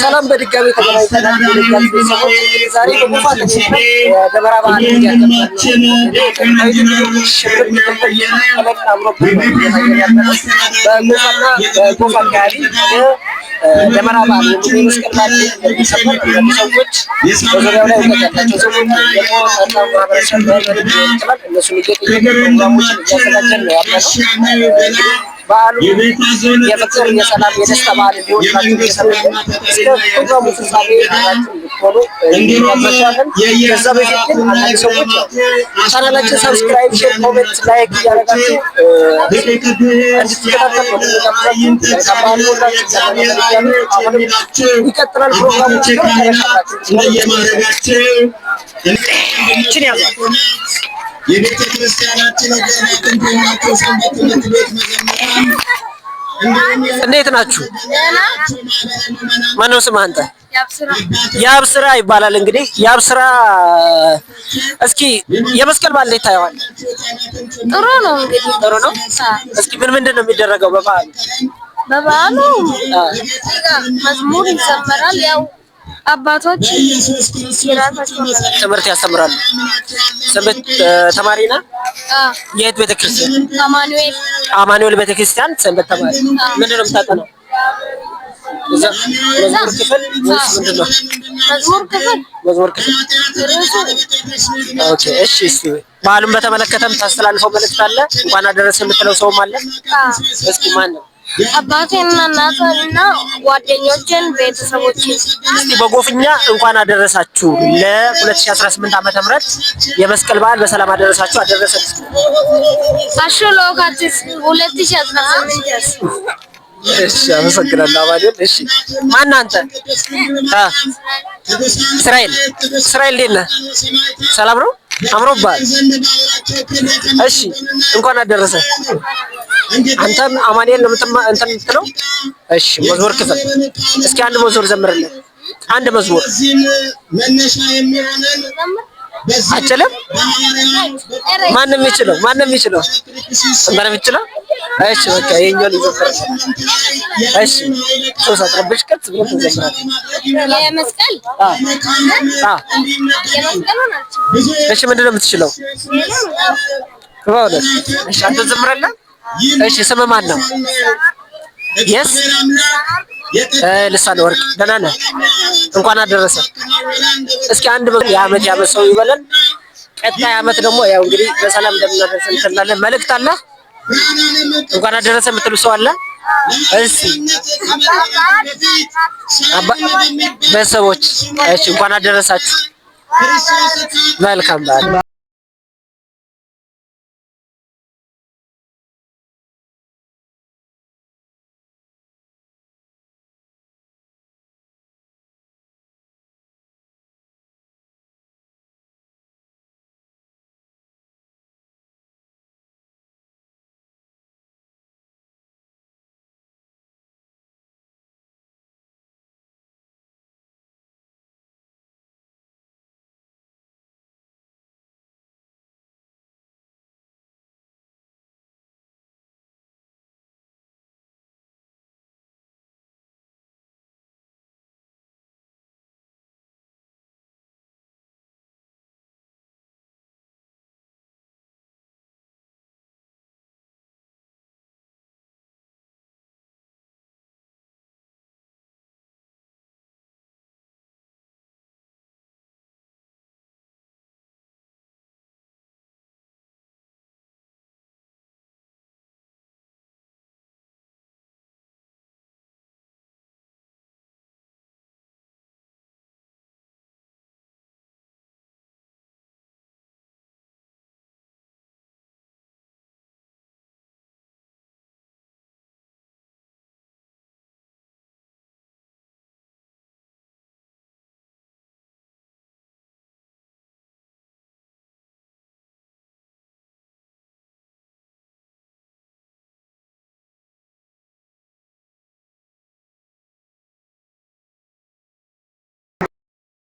ሰላም በድጋሚ ተገናኝተናል። ዛሬ በሞፋ በጎፋ አካባቢ ደመራ በዓል ሰዎች በዙሪያው ላይ እውቀት ያላቸው ሰዎች ነው በዓሉ የፍቅር፣ የሰላም፣ የደስታ በዓል እንዲሆን እስከ ፕሮግራሙ ፍጻሜ አብራችሁ ቻናላችን ሰብስክራይብ፣ ሼር፣ ኮሜንት፣ ላይክ እያደረጋችሁ እንድትከታተል ነው ይቀጥላል ፕሮግራሙ የቤተ ክርስቲያናችን ገና ናቸው። ሰንበት ትምህርት ቤት መዘምራን እንዴት ናችሁ? ማነው ስም አንተ? ያብስራ ይባላል እንግዲህ ያብስራ፣ እስኪ የመስቀል በዓል እንዴት ታየዋለህ? ጥሩ ነው እንግዲህ ጥሩ ነው። እስኪ ምን ምንድን ነው የሚደረገው በበዓሉ? በበዓሉ መዝሙር ይዘመራል ያው አባቶች ትምህርት ያስተምራሉ። ስምንት ተማሪ ነህ? የት ቤተክርስቲያን? አማኑኤል አማኑኤል ቤተክርስቲያን ሰንበት ተማሪ። ምንድን ነው የምታጠናው? መዝሙር ክፍል ምንድን ነው? መዝሙር ክፍል መዝሙር ክፍል። ኦኬ እሺ። እስቲ በዓሉን በተመለከተ የምታስተላልፈው መልእክት አለ? እንኳን አደረሰ የምትለው ሰውም አለ? እስኪ ማን ነው አባቴና እናቴና ጓደኞቼን ቤተሰቦቼ። እስቲ በጎፍኛ እንኳን አደረሳችሁ ለ2018 ዓመተ ምህረት የመስቀል በዓል በሰላም አደረሳችሁ አደረሰን። አሽሎ ካትስ 2018 እሺ አመሰግናለሁ። አባዴን እሺ፣ ማን አንተ? እስራኤል እስራኤል፣ እንዴት ነህ? ሰላም ነው? አምሮብሃል? እሺ እንኳን አደረሰ አንተም አማኑኤል ነው እንትን የምትለው? እሺ መዝሙር ክፍል እስኪ አንድ መዝሙር ዘምርልን። አንድ መዝሙር አችልም? ማንም ይችለው፣ ማንም ይችለው፣ ማንም ይችለው። እሺ በቃ የኛው ልጅ ዘፈረ። እሺ ሶስት አጥረብሽ ቀጥ ብሎ ትዘምራለህ። የመስቀል አዎ፣ አዎ፣ የመስቀል እሺ፣ ምንድነው የምትችለው? እባክህ እሺ፣ አንተ ዘምራለህ እሺ፣ ስም ማን ነው? የስ ልሳነ ወርቅ ደህና ነህ? እንኳን አደረሰ። እስኪ አንድ የዓመት የዓመት ሰው ይበለን። ቀጣይ አመት ደግሞ ያው እንግዲህ በሰላም እንደምናደርስ እንላለን። መልእክት አለ? እንኳን አደረሰ የምትሉ ሰው አለ? እስኪ ቤተሰቦች፣ እንኳን አደረሳችሁ። መልካም በዓል